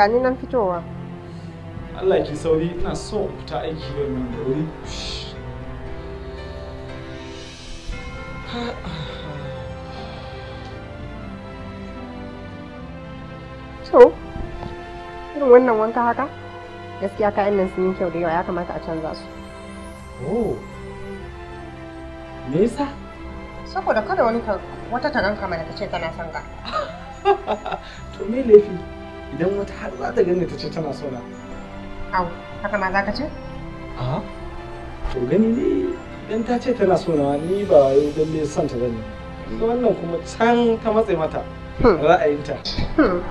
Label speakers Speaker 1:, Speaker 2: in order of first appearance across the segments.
Speaker 1: gani nan fitowa
Speaker 2: Allah ki sauri ina so in fita aiki yau nan da wuri
Speaker 1: to irin wannan wanka haka gaskiya kayan nan sun yi kyau da yawa ya kamata a canza su
Speaker 2: oh me yasa saboda
Speaker 1: kada wani wata taron kama da ta ce tana son ka
Speaker 2: to me laifi idan wata har za ta gani ta ce tana sona.
Speaker 1: Au, haka ma za ka ce?
Speaker 2: A, to gani ne idan ta ce tana sona ni ba wai lalle son ta gani. Wannan kuma
Speaker 1: can ta matse
Speaker 2: mata hmm. ra'ayinta.
Speaker 1: Hmm,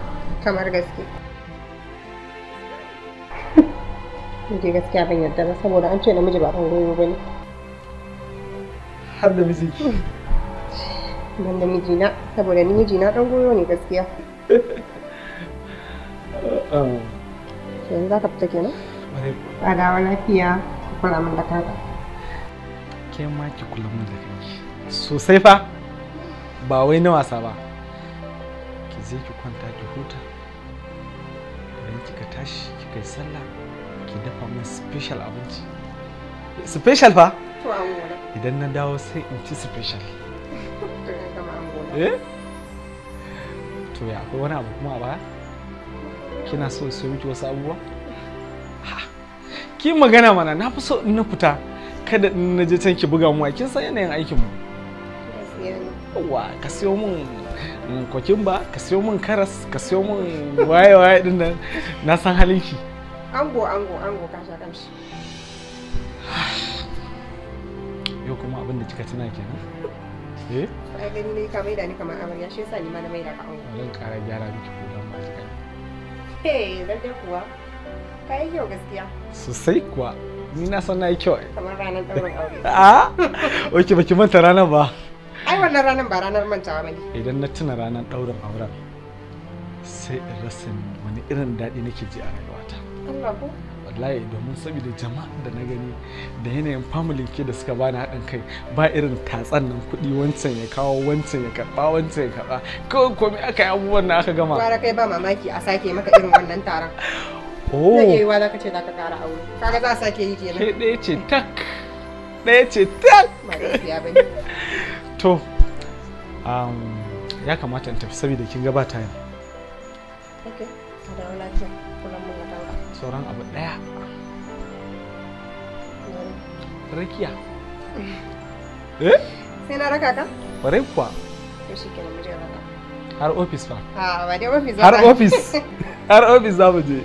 Speaker 1: kamar gaske. Ni gaskiya ban yarda ba saboda an ce namiji ba kan goyo ba ne. Har da miji. Ban da mijina saboda ni mijina dan goyo ne gaskiya.
Speaker 2: yanzu
Speaker 1: za fita kenan? a dawo lafiya ku kula min da kanka
Speaker 2: ke ma ki kula min da kanki sosai fa ba wai na wasa ba ki je ki kwanta ki huta idan kika tashi kika yi sallah ki dafa min special abinci special fa idan na dawo sai in ci special eh to ya akwai wani abu kuma a baya kina so su miki wasu abubuwa ki magana mana na fi so in na fita kada in na je can ki buga mu kin san yanayin aikin mu yawa ka siyo min ba ka siyo min karas ka siyo min waye waye din nan na san halin ki
Speaker 1: ango ango ango ka sha kamshi
Speaker 2: yau kuma abin da kika tuna kenan eh
Speaker 1: ai ganin ni ka maida ni kamar amarya shi yasa ni ma na da ka ango
Speaker 2: Ran kara gyara miki kodan ba kika Hey, Sosai kuwa. Ni na san na yi kyau.
Speaker 1: Kamar ranar ɗaurin
Speaker 2: aure. baki manta ranar ba.
Speaker 1: Ai wannan ranar ba ranar mantawa
Speaker 2: Idan na tuna ranar ɗaurin auren sai in rasa wani irin daɗi nake ji a rayuwata. Allah ko. wallahi domin saboda jama'a da na gani da yanayin family ke da suka bani haɗin kai ba irin tatsan nan kuɗi wancan ya kawo wancan ya karɓa wancan ya karɓa kawai komai aka yi abubuwan da aka gama kwara
Speaker 1: kai ba mamaki a sake maka irin wannan taron
Speaker 2: oh zai yi wa
Speaker 1: zaka ce zaka ƙara aure kaga za a sake yi kenan kai
Speaker 2: ɗaya ce tak ɗaya ce
Speaker 1: tak ba ba
Speaker 2: to um, ya kamata in tafi saboda kin gabata ne sauran abu daya rakiya eh sai na raka ka ƙwarai kuwa
Speaker 1: to shi kenan mu je raka har ofis fa a ah, ba dai ofis har ofis
Speaker 2: har ofis za mu je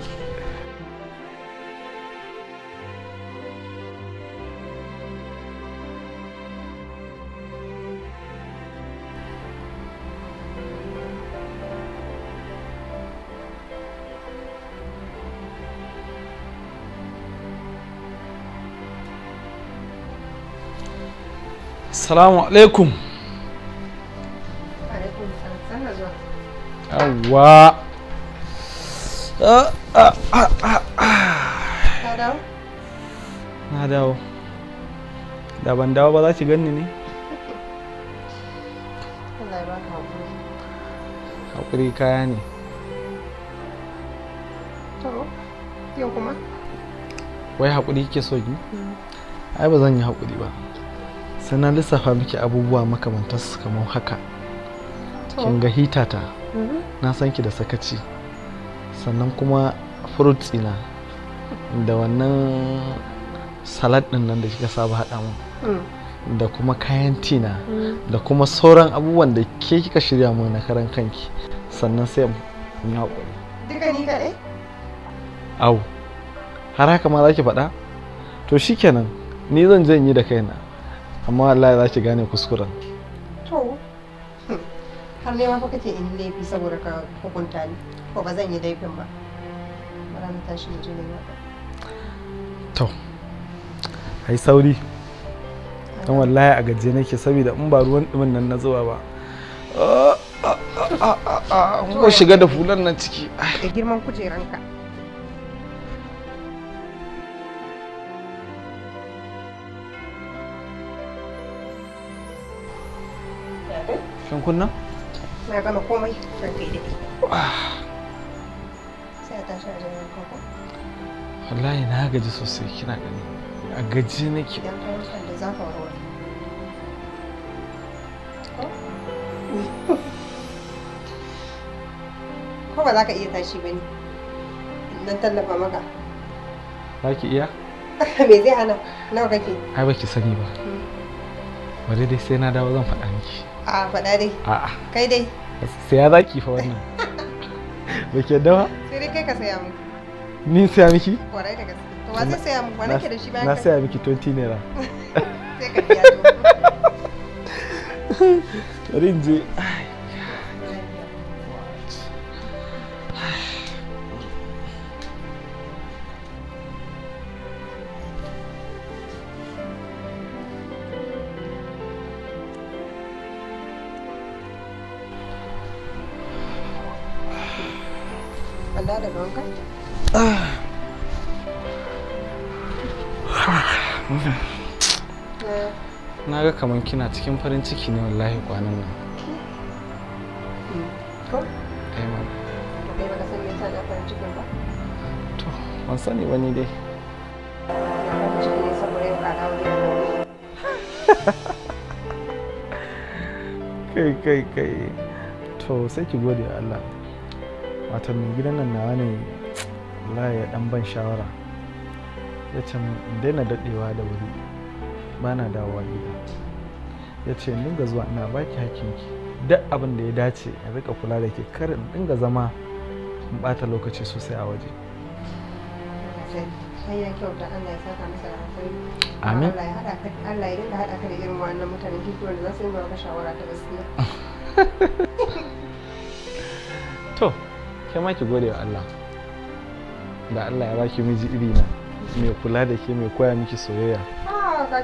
Speaker 2: assalamu alaikum yawwa ah, ah, ah, na dawo da ban dawo ba za ki ganni ne haƙuri kaya ne wai haƙuri ke so ki mm. ai ba zan yi haƙuri ba sai na lissafa miki abubuwa su kamar haka kin ga hitata mm-hmm. na san ki da sakaci sannan kuma fruits ina da wannan salad din nan da kika saba haɗa mun mm. da kuma kayan tina mm. da kuma sauran abubuwan da ke kika shirya mun na karan kanki sannan sai mun yi haƙuri
Speaker 1: duka ni kaɗai
Speaker 2: au har haka ma za ki faɗa to shikenan ni zan je ni da kaina amma Allah za ki gane kuskuren
Speaker 1: to har ne ma fa kake in laifi saboda ka hukunta ni ko ba zan yi laifin ba bara na tashi da
Speaker 2: jini ba to ai sauri dan wallahi a gaje nake saboda in ba ruwan dumin nan na zuwa ba ko ah,
Speaker 3: ah, ah,
Speaker 2: shiga da fulan nan ciki girman kujeranka kunna?
Speaker 1: Na gama komai don kai daɗi. Sai a tashi a jirgin kanku.
Speaker 2: Wallahi na gaji sosai kina gani. A gaji nake.
Speaker 1: Idan ka wuce da za ka warware. Ko ba za ka iya tashi ba ne? Don tallafa maka. Za ki iya? Me zai hana? Nawa kake?
Speaker 2: Ai ba ki sani ba. Hmm. Bari dai sai na dawo zan faɗa miki.
Speaker 1: a faɗa dai a'a kai dai
Speaker 2: saya zaki fa wannan ba ke dawa
Speaker 1: sai dai kai ka saya mu
Speaker 2: ni saya miki
Speaker 1: kwarai da gaske to wa zai saya mu wa nake da shi bayan na saya miki 20
Speaker 2: naira sai ka biya to kamar kina cikin farin ciki ne wallahi kwanan nan eh ma to ban sani ba ni dai kai kai kai to sai ki gode Allah wato mai gidan nan nawa ne wallahi ya dan ban shawara ya ce daina dadewa da wuri bana dawowa gida ya ce dinga zuwa ina baki hakinki duk abin da ya dace in rika kula da ke karin dinga zama in bata lokaci sosai a waje
Speaker 1: amin Allah ya rika haɗa ka da irin wannan wanda yi maka shawara ta gaskiya
Speaker 2: to ke ma ki gode wa Allah da Allah ya baki miji iri na mai kula da ke mai koya miki soyayya
Speaker 1: ka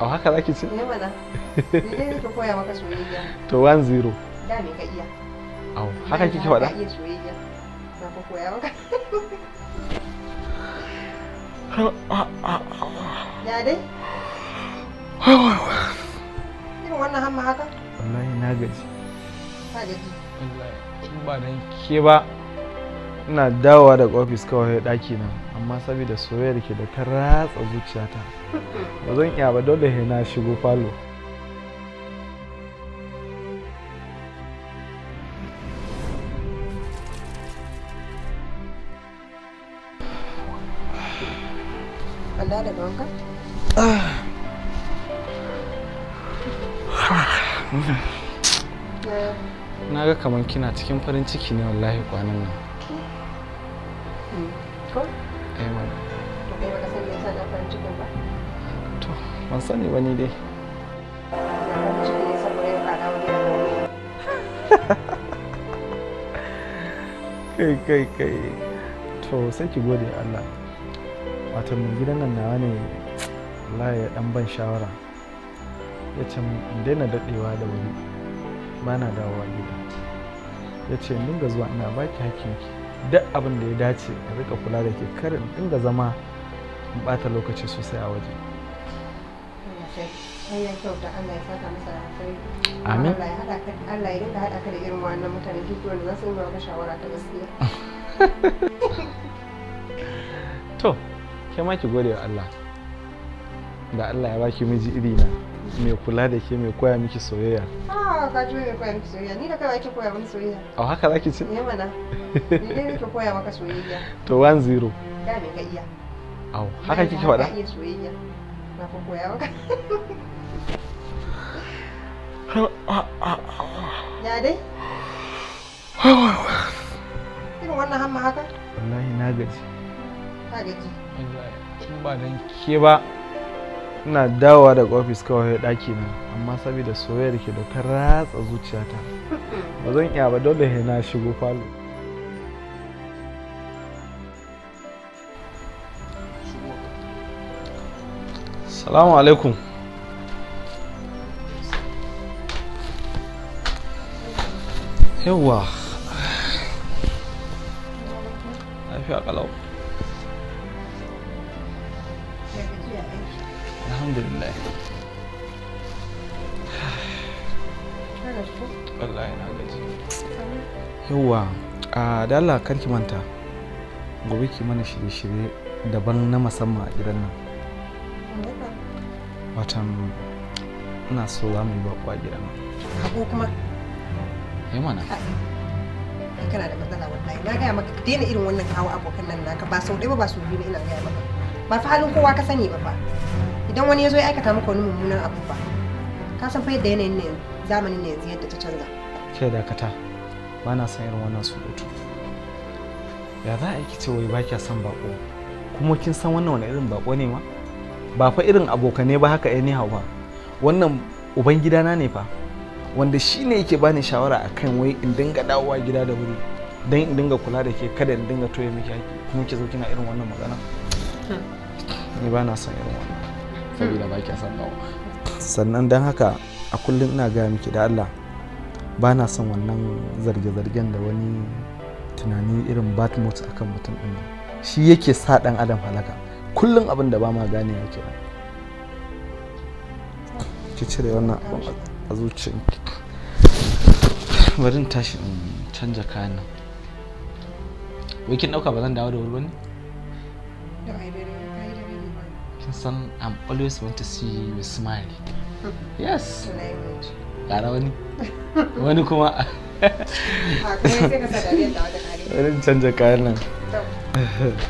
Speaker 1: a
Speaker 2: haka ce ne eh mana
Speaker 1: koya maka soyayya
Speaker 2: to one zero. da me ka iya au oh, haka kike faɗa ka
Speaker 1: iya soyayya koya maka
Speaker 2: ya dai irin
Speaker 1: wannan hamma haka
Speaker 2: wallahi na gaji ka gaji wallahi in ba ke ba ina dawowa daga ofis kawai daki na amma saboda soyayyar ke da ta ratsa zuciyata ba zan iya ba dole na shigo falo Na ga kamar kina cikin farin ciki ne wallahi kwanan nan. Hmm.
Speaker 1: Hmm. Ko?
Speaker 2: kai eh, mana to kai ban sani ba ni dai kai kai kai to sai ki gode Allah wato mai gidan nan nawa ne Allah ya dan ban shawara ya ce in daina da wani ba na dawowa gida ya ce dinga zuwa ina baki hakkinki duk abin da ya dace a rika kula da ke karin dinga zama in bata lokaci sosai a waje
Speaker 1: amin Allah ya dinga haɗa ka da irin wannan mutane duk wanda za su yi maka shawara ta gaskiya
Speaker 2: to ke ki gode wa Allah da Allah ya baki miji iri na mai kula da ke mai koya miki soyayya
Speaker 1: ah ka ji mai koya miki soyayya ni da kawai ake koya mini soyayya
Speaker 2: Oh, haka zaki ce Ni eh, mana ni dai nake
Speaker 1: koya maka soyayya
Speaker 2: to 1 0 da me ka iya au haka kike faɗa ka
Speaker 1: iya soyayya na ko koya maka ya dai irin wannan hamma haka
Speaker 2: wallahi na gaji ka gaji wallahi kin ba dan ke ba ina dawowa daga ofis kawai daki na amma saboda soyayyar ke da ta ratsa zuciyata ba zan iya ba dole he na shigo falo salamu alaikum yawa lafiya kalau alhamdulillah wallahi na da manta gobe ki mana shirye-shirye daban na a gidan nan watan ina so za mu yi a gidan
Speaker 1: kana da na gaya maka ka daina irin wannan kawo abokan nan naka ba sau ɗaya ba ba sau biyu ina gaya maka ba fa kowa ka sani ba idan wani ya zo ya aikata maka wani mummunan abu ba ka san fa yadda yanayin ne zamanin ne yanzu yadda ta canza
Speaker 2: kai dakata ba na san irin wannan surutu ya za a yi ce wai ba kya son bako kuma kin san wannan wani irin bako ne ma ba fa irin abokane ba haka anyhow ba wannan uban na ne fa wanda shi ne yake bani shawara akan wai in dinga dawowa gida da wuri don in dinga kula da ke kada in dinga toye miki haƙi kuma ki zo kina irin wannan magana hmm. ni ba na son irin wannan kabila ba ki san bawo sannan dan haka a kullum ina gaya miki da Allah ba na son wannan zarge-zargen da wani tunani irin mood akan mutum din shi yake sa dan adam halaka kullum abin da ba ma gane ya kenan ki cire wannan abin a zuciyanki bari in tashi in canja kayan nan wai kin dauka ba zan dawo da wuri ba
Speaker 1: ne
Speaker 2: kin san I'm always want to see you smile. Hmm. Yes. Gara wani. Wani kuma. Ah, wani canja kayan nan.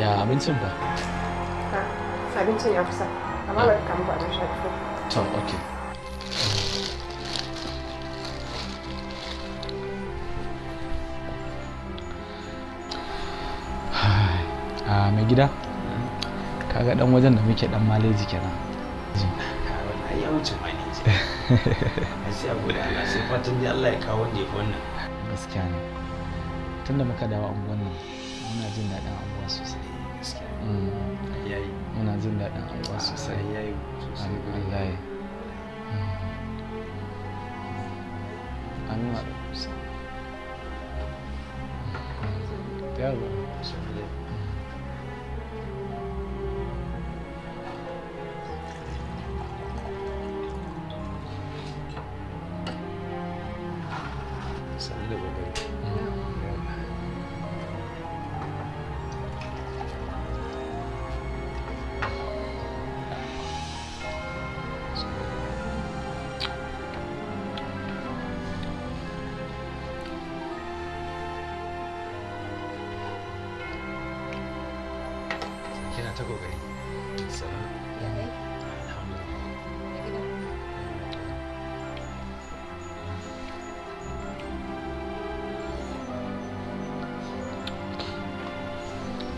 Speaker 2: ya abincin ba
Speaker 1: abincin ya kusa amma bari ka muku abin sha
Speaker 2: to okay a mai gida kaga dan wajen da muke dan maleji kenan
Speaker 3: ya wuce maleji a sai abu da Allah sai fatan dai Allah ya
Speaker 2: kawo wanda ya fi wannan gaskiya ne tunda muka dawo anguwan nan muna jin daɗin anguwa sosai Mm. muna jin daɗin Allah sosai yayi sosai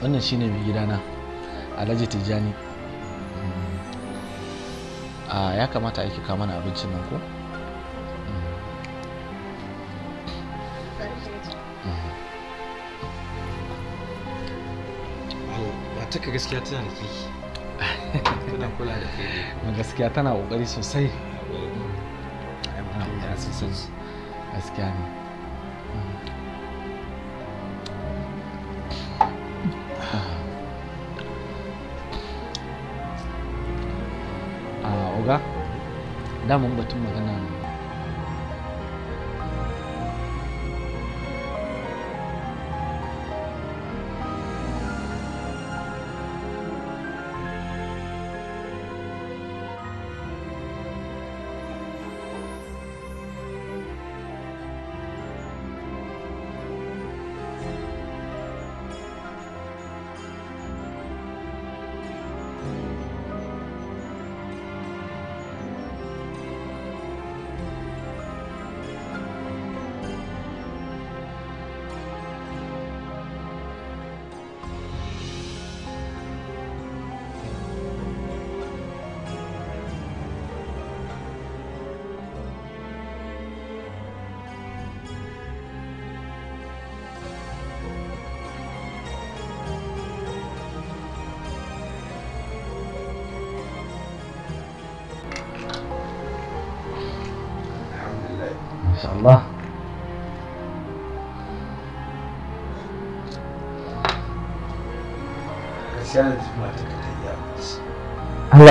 Speaker 2: wannan shine mai gidana alhaji tijjani a ya kamata ake kama na abincin nan ko taka gaskiya tana da kirki tana kula da kai gaskiya tana kokari sosai gaskiya ne na mun batun Allah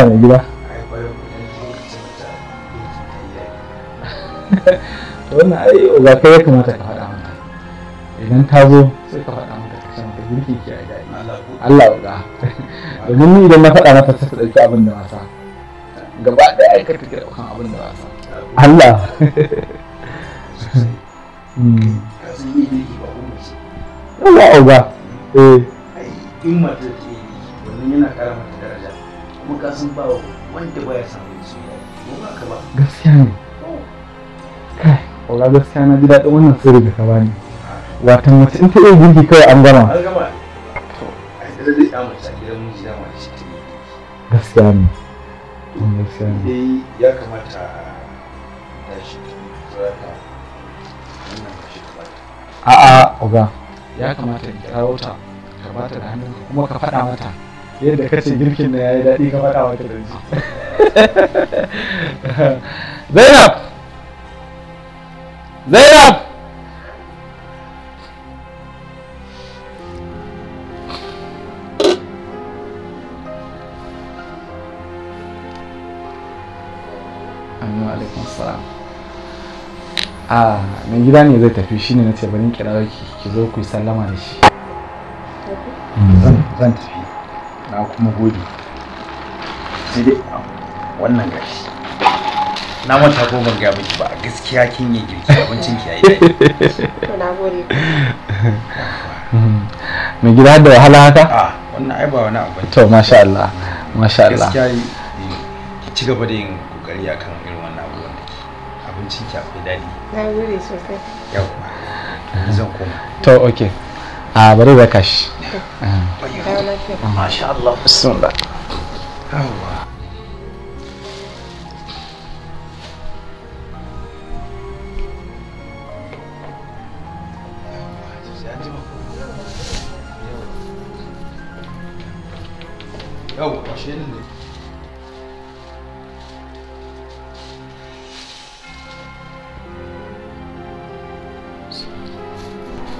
Speaker 2: ne gida wannan ai uga kai ya kamata ka faɗa mata idan ta zo sai ka faɗa mata ka san ka girki ki ai dai Allah uga domin ni idan na faɗa mata ta dauki abin da wasa gaba ɗaya ka take kan abin da wasa Allah yawa uga eh
Speaker 3: Ai in mata ce domin yana kara mata daraja kuma ka ba wanda
Speaker 2: baya samun ba ka ba gaskiya ne kai gaskiya na ji daɗin wannan sirri da ka bani watan mace in ta iya girki kawai an gama
Speaker 3: gaskiya ne
Speaker 2: gaskiya ne a'a oga ya kamata in kirawo ta ka bata da hannunka kuma ka faɗa mata yadda ka ce girkin na ya yi daɗi ka faɗa wata da ji zainab zainab a ah, mai gida ne zai tafi shi ne na ce bari kira ki ki zo ku yi sallama da shi hmm. zan tafi na kuma gode sai dai
Speaker 3: wannan gashi na mata ko ban gaya miki ba gaskiya kin yi girki abincin ki yayi na gode
Speaker 2: me gida da wahala haka a ah, wannan ai ba wani abu to masha Allah masha Allah gaskiya
Speaker 3: eh, ki ci gaba da yin kokari akan irin wannan wanda ki abincin ki akwai dadi
Speaker 1: na gode sosai
Speaker 3: yau
Speaker 2: zan koma to okay a ah, bari da kashi masha Allah bismillah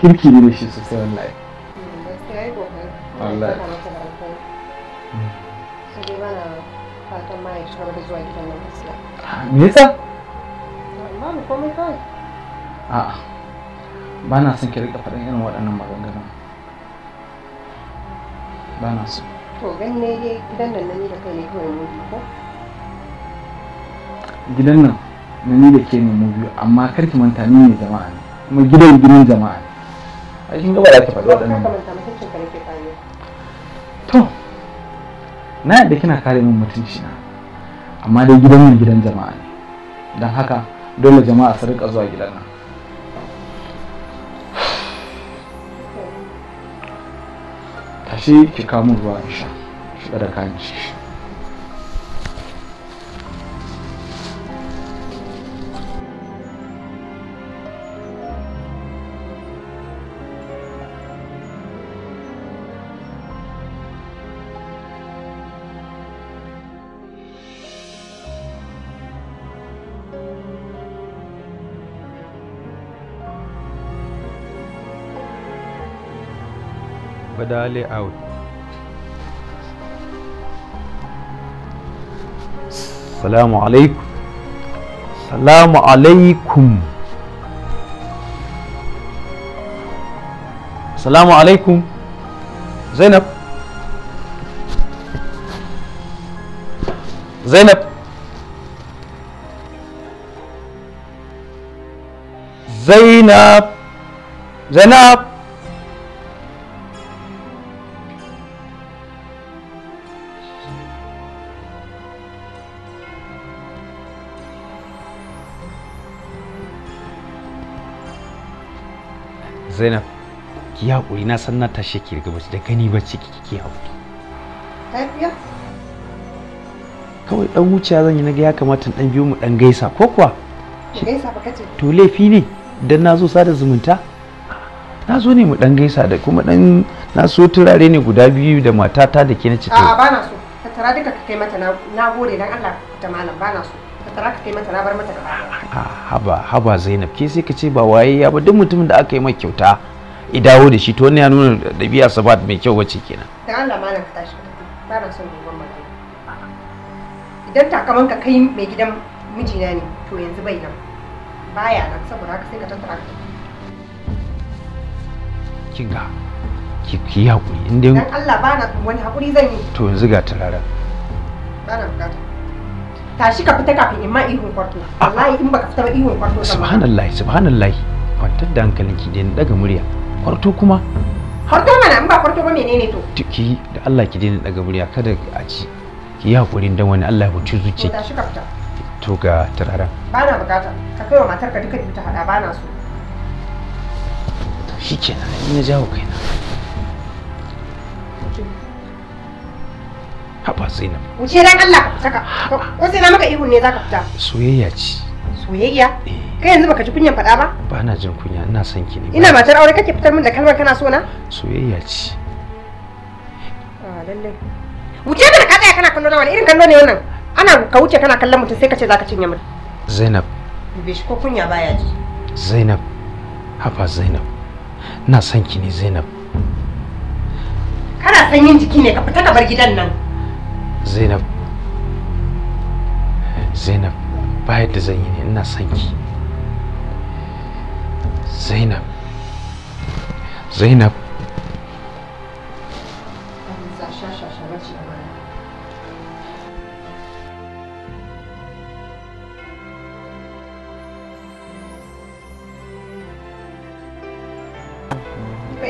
Speaker 2: kirki ne da shi sosai wallahi wallahi me yasa a'a ba na son ki rika faɗin irin waɗannan maganganun ba na to
Speaker 1: gan ne gidan nan ni da kai ne kawai mu ko
Speaker 2: gidan nan na ni da ke ne mu biyu amma kar ki manta ni ne jama'a ne kuma gidan gidan jama'a ne a cikin gaba ki faɗi waɗannan to na yadda kina kare min mutunci na amma dai gidan mu gidan jama'a ne don haka dole jama'a su rika zuwa gidan nan tashi ki kamun ruwa in sha shiga da kayan ciki
Speaker 3: هذا عالي السلام عليكم
Speaker 2: السلام عليكم السلام عليكم زينب زينب زينب زينب
Speaker 3: zainab ki haƙuri na san na tashi ki daga bacci da gani bacci ki ki haƙuri lafiya kawai dan wuciya zan yi naga ya kamata dan biyo mu dan gaisa ko kuwa
Speaker 1: gaisa ba kace
Speaker 3: to laifi ne dan na zo sada zumunta na zo ne mu dan gaisa da kuma dan na so turare ne guda biyu da matata da ke na ciki a'a
Speaker 1: bana so ka tara duka ka kai mata na gode dan Allah ta malam bana so tattara ka kai mata na bar mata da
Speaker 3: ah, haba haba zainab ke sai ka ce ba waye ya ba duk mutumin da aka yi mai kyauta i dawo da shi to ne ya nuna ɗabi'a sabat mai kyau wacce kenan
Speaker 1: dan Allah malam ka tashi ba son dogon magana idan takaman ka kai mai gidan mijina ne to yanzu bai nan baya nan saboda haka sai ka tattara ka
Speaker 3: kinga ki ki hakuri in dai
Speaker 1: Allah ba na wani hakuri zan yi
Speaker 3: to yanzu ga turaren
Speaker 1: ba na bukata tashi ka fita kafin in ma ihun kwarto wallahi in baka fita ba ihun kwarto subhanallahi
Speaker 3: subhanallahi kwantar da hankalinki ki ni daga murya kwarto kuma
Speaker 1: kwarto mana in ba kwarto ba menene to
Speaker 3: ki da Allah ki daina daga murya kada a ci ki yi hakurin dan wani Allah ya huci zuciya tashi ka fita to ga turaren
Speaker 1: bana bukata ka kai wa matarka duka ta hada bana so
Speaker 3: shikenan in ya jawo kaina haba zainab
Speaker 1: wuce dan Allah ka saka ko sai na maka ihun ne zaka fita
Speaker 3: soyayya ce
Speaker 1: soyayya eh. kai yanzu baka ji kunyan fada ba
Speaker 3: ba na jin kunya ina son ki ne ina
Speaker 1: matar aure kake fitar min da kalmar kana so na
Speaker 3: soyayya ce
Speaker 1: ah lalle wuce da ka tsaya kana kallo na wani irin kallo ne wannan ana ka wuce kana kallon mutum sai ka ce zaka cinye min zainab bai shi ko kunya baya ji
Speaker 3: zainab haba zainab ina son ki ne zainab
Speaker 1: kana san yin jiki ne ka fita ka bar gidan nan
Speaker 3: zainab zainab ba yadda zan yi ne ina son ki zainab zainab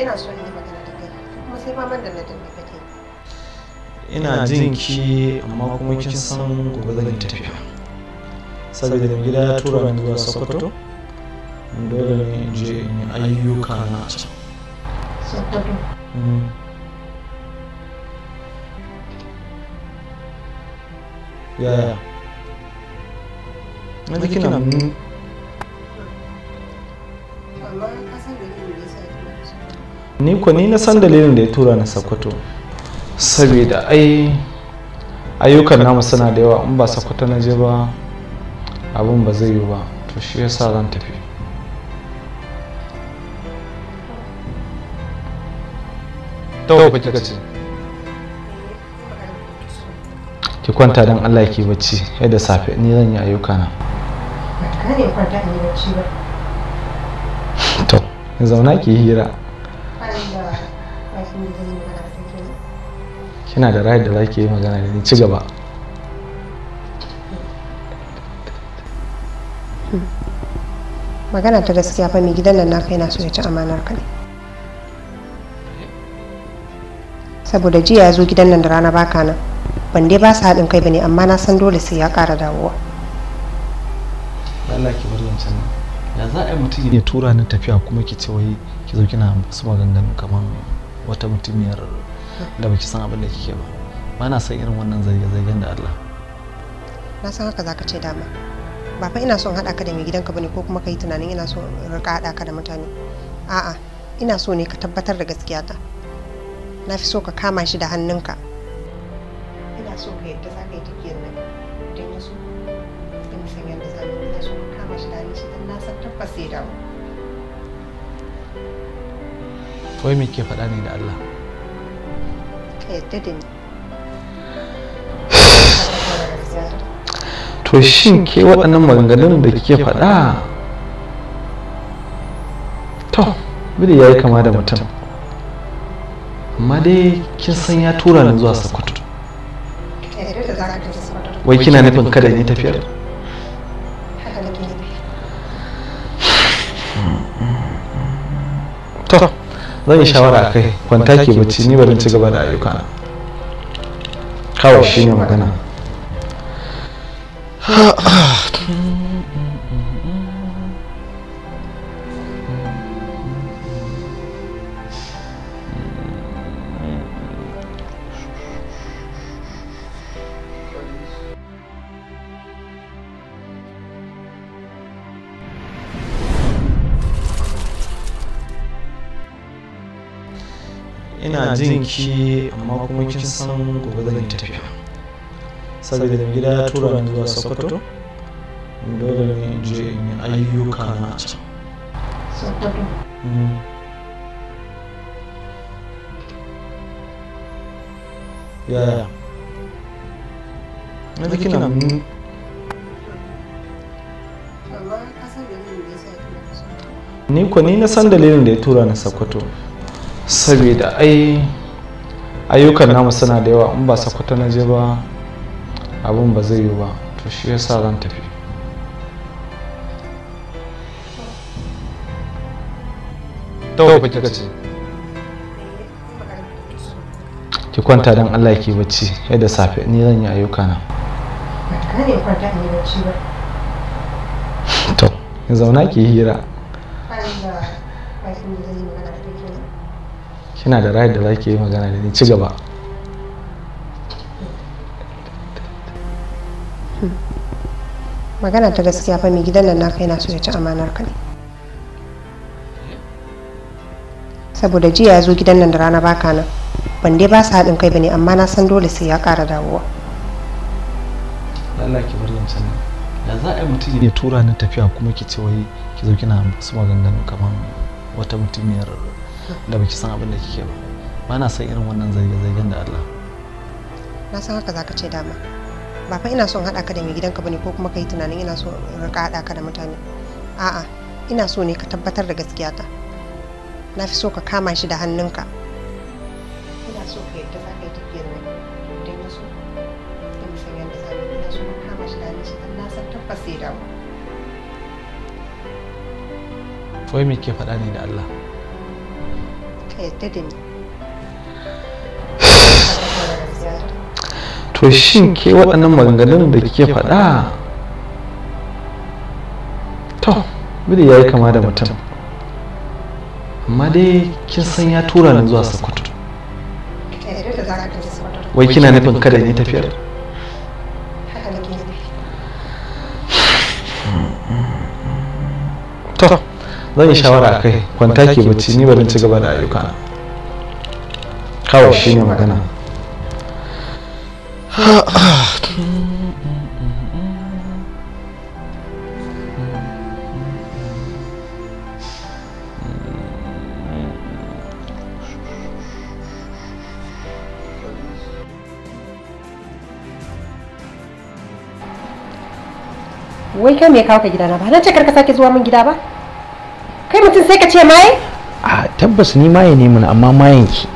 Speaker 1: ina son yi magana da kai kuma sai faman
Speaker 2: da na dinga ina jin ki amma kuma kin san gobe zan tafiya saboda da gida ya tura ni zuwa sokoto dole ne in je in yi ayyuka na can sokoto yaya mm. na ji kina mun mm. ni ko ni na san dalilin da ya tura na sokoto saboda ai ayyukan namu suna da yawa in ba sakwata na je ba abin ba zai yi ba to shi ya sa zan tafi ki kwanta don allah ki bacci yadda safe ni zan yi ayyuka na to zauna ki hira kina da rayar da zaki yi magana da ni ci gaba
Speaker 1: magana ta gaskiya fa mai gidan nan na kai na so ya ci amanar ka ne saboda jiya ya zo gidan nan da rana baka nan ban dai ba su haɗin kai bane amma na san dole sai ya ƙara dawowa
Speaker 2: Allah ki bar zancen nan ya za a yi mutum ya tura ni tafiya kuma ki ce wai ki zo kina su maganganu kamar wata mutumiyar da baki san abin da kike ba ba na san irin wannan zage zagen da Allah
Speaker 1: na san haka zaka ce dama ba fa ina son hada ka da mai gidanka bane ko kuma kai tunanin ina so rika hada ka da mutane a'a ina so ne ka tabbatar da gaskiya ta na fi so ka kama shi da hannunka ina so ka yadda za ka yi tafiyar nan don ya so in san yadda za ka ina so ka kama shi da hannun don na san tabbas ya dawo.
Speaker 2: Wai me ke faɗa ne da Allah? to shin ke waɗannan maganganun da kike faɗa to bidi ya yi kama da mutum amma dai kin san ya tura ni zuwa sokoto wai kina nufin kada ni tafiyar zan yi shawara kai kwanta ke bacci ni barin ci gaba da ayyuka kawai shi ne magana ina jin ki amma kuma kin san gobe zan yi tafiya saboda da gida ya tura ni zuwa sokoto dole ne in je in yi ayyuka na can
Speaker 3: sokoto
Speaker 2: yaya mm. yanzu kina mun ni ko ni na san dalilin da ya tura na sokoto saboda ai ayyukan namu suna da yawa in ba sakwata na je ba abin ba zai yi ba to shi ya sa zan tafi ki kwanta don allah ki bacci yadda safe ni zan yi ayyuka na to zauna ki hira kina da rayar da za ki yi magana da ni ci gaba
Speaker 1: magana ta gaskiya fa mai gidan nan na kai na so ya ci amanar ka ne saboda jiya ya zo gidan nan da rana baka nan ban dai ba su haɗin kai bane amma na san dole sai ya ƙara dawowa
Speaker 2: Allah ki bar yamsa ne da za a yi mutum ya tura ni tafiya kuma ki ce wai ki zo kina su maganganu kamar wata mutumiyar da baki san abin da kike ba ba na san irin wannan zarge-zargen da Allah
Speaker 1: na san haka zaka ce dama ba fa ina son hada ka da mai gidanka bane ko kuma kai tunanin ina so in rika hada ka da mutane a'a ina so ne ka tabbatar da gaskiya ta. na fi so ka kama shi da hannunka ina so ka yadda za ka yi tafiyar nan don ya so in yi yadda za ka ina so ka kama shi da hannunka. shi na san tabbas ya dawo.
Speaker 2: wai me ke faɗa ne da Allah ka yarda to shin ke waɗannan maganganun da kike faɗa to ya yi kama da mutum amma dai kin san ya tura ni zuwa sokoto wai kina nufin kada ni tafiyar zan yi shawara kai kwanta ke bacci ni barin ci gaba da ayyuka kawai shi ne magana
Speaker 1: wai kai me kawo ka gidana ba na ce karka sake zuwa min gida ba kai mutum sai ka ce maye
Speaker 3: a tabbas ni maye ne mana amma mayen ki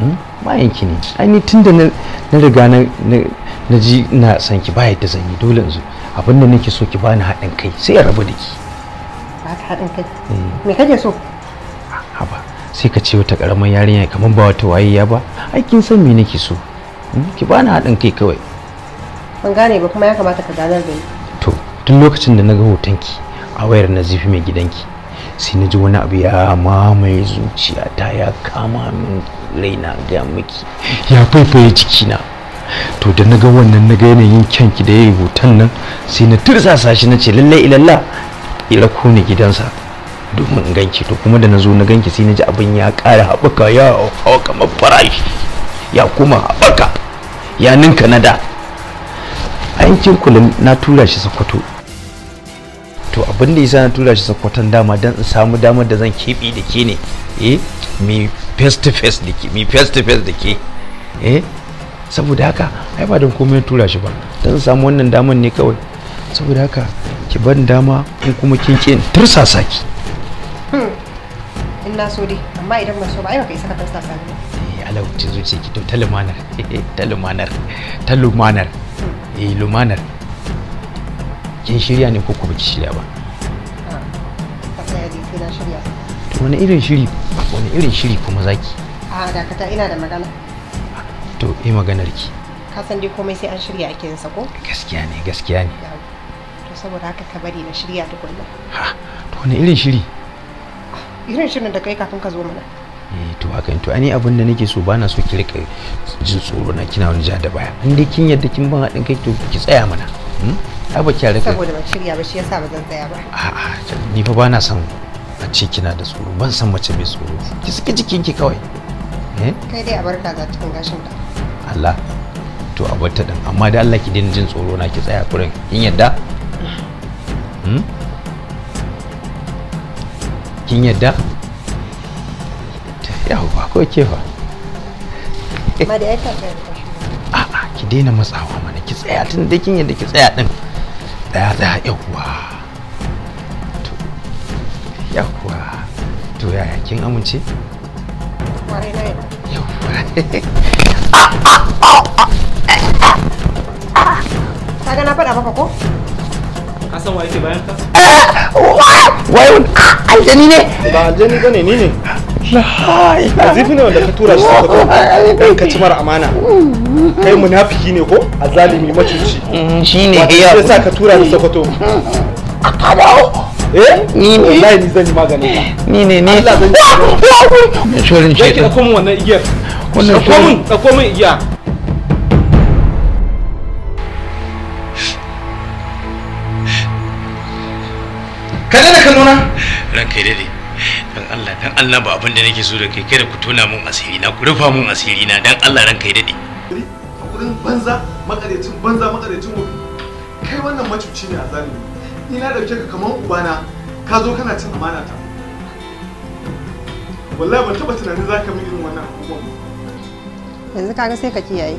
Speaker 3: hmm? ki ne ai ni tunda na riga na ji na san ki ba yadda zan yi dole yanzu da nake so ki bani haɗin kai sai ya rabu da ki ba ka haɗin kai eh. me kake so haba sai ka ce wata karamar yarinya kamar ba wata wayayya ba ai kin san me nake so hmm? ki bani haɗin kai kawai
Speaker 1: ban gane ba kuma ya kamata ka ganar da ni
Speaker 3: to tun lokacin da na ga hotonki a wayar nazifi mai gidanki sai na ji wani abu ya mamaye zuciyata ya kama min raina da miki ya faifaye cikina to da na ga wannan naga yanayin kyanki da yi hoton nan sai na tursasa shi na ce lallai ilalla ila ne gidansa domin in ganki to kuma da na zo na ganki sai na ji abin ya ƙara haɓaka ya hawa kamar farashi ya kuma haɓaka ya ninka na da a yankin na tura shi sakwato to abin da yasa na tura shi sakwatan dama dan in samu damar da zan keɓe da ke ne eh mi face to face da ke mi face to face da ke eh saboda haka ai ba don komai tura shi ba dan samu wannan damar ne kawai saboda haka ki ban dama in kuma kin ki in tursasa ki
Speaker 1: hmm. in na so dai amma idan ban so ba ai baka isa ka tursasa ni
Speaker 3: eh alawuce zuciya ki to ta lumanar ta lumanar ta hmm. lumanar eh lumanar kin shirya ne ko ku baki shirya ba ah, to wani irin shiri wani irin shiri kuma zaki
Speaker 1: a ah, dakata ina da magana
Speaker 3: to yi maganar ki
Speaker 1: ka san dai komai sai an shirya ake yin sa ko
Speaker 3: gaskiya ne gaskiya ne
Speaker 1: to saboda haka ka bari na shirya tukunna ha
Speaker 3: to wani irin shiri
Speaker 1: ah, irin shirin da kai kafin ka zo mana
Speaker 3: eh to haka to ani abin da nake so bana so ki rika jin tsoro na kina wani ja da baya in dai kin yadda kin ban hadin kai to ki tsaya mana hmm? ai ba kya rufe saboda
Speaker 1: ba shirya ba shi yasa ba zan tsaya ba
Speaker 3: a'a ni fa bana son a ce kina da tsoro ban san mace mai tsoro ki saki jikinki kawai eh
Speaker 1: kai dai a barka za ta gashin ka
Speaker 3: Allah to a bar ta din amma da Allah ki daina jin tsoro na ki tsaya kurin kin yadda hmm? kin yadda yawwa ko ke fa
Speaker 1: ma da ta tafi
Speaker 3: a'a ki daina matsawa mana ki tsaya tun da kin yadda ki tsaya din daya daya yawwa to yawwa to yaya kin amince
Speaker 2: Ka san wa yake bayan ka? Eh! Wai! Wai! Aljani ne! Ba aljani bane ni ne. azifi ne wanda ka tura shi saboda dan ka ci mara amana kai munafiki ne ko a mm, ya ka tura ni sokoto eh ni ne wallahi ni zan yi magani ni ne Allah zan yi shirin shi kuma wannan igiyar wannan shirin da igiya
Speaker 3: Allah ba abin da nake so da kai kada ku tona mun asiri na ku rufa mun asiri na dan Allah ranka ya dade
Speaker 2: hakurin banza makarecin banza makarecin wofi kai wannan macuci ne a zalimi ni na dauke ka kamar ubana ka zo kana cin amana ta wallahi ban taba tunanin zaka ka irin wannan abubuwan
Speaker 1: yanzu kaga sai ka kiyaye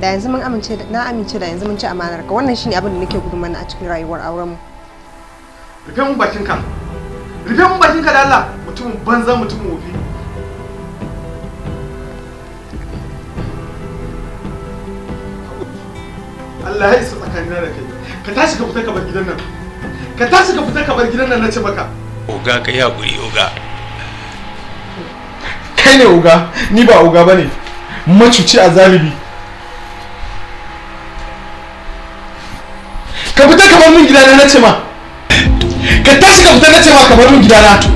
Speaker 1: da yanzu mun amince na amince da yanzu mun ci amanar ka wannan shine abin da nake gudun mana a cikin rayuwar
Speaker 2: auren mu rufe mun bakin ka rufe mun bakin ka da Allah mutum banza mutum wofi Allah ya isa tsakanina da kai ka tashi ka fita ka bar gidan nan ka tashi ka fita ka bar gidan nan na ce maka oga
Speaker 3: ka yi hakuri oga
Speaker 2: kai ne oga ni ba oga bane macuci a zalibi ka fita ka bar min gidana na ce ma ka tashi ka fita na ce ma ka bar min gidana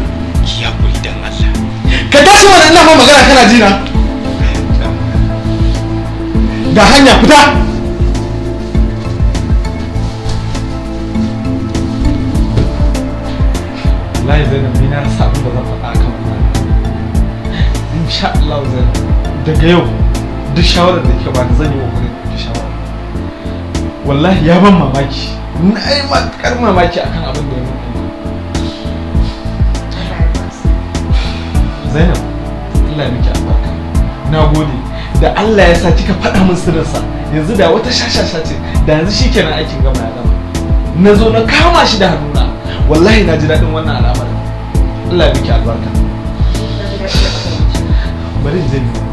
Speaker 2: ka tashi wannan ina ma magana kana jina. ga hanya fita wallahi zainab ni na rasa abin da zan faɗa kan wannan insha Allah zai daga yau duk shawarar da ba bani zan yi kokarin ki shawara wallahi ya ban mamaki na yi matukar mamaki akan abin da ya Zainab Allah ya na gode da Allah ya sa kika faɗa min sirrinsa yanzu da wata shashasha ce da yanzu shikenan aikin gama ya gama na zo na kama shi da hannuna wallahi na ji daɗin wannan al'amarin Allah ya miki albarka bari in je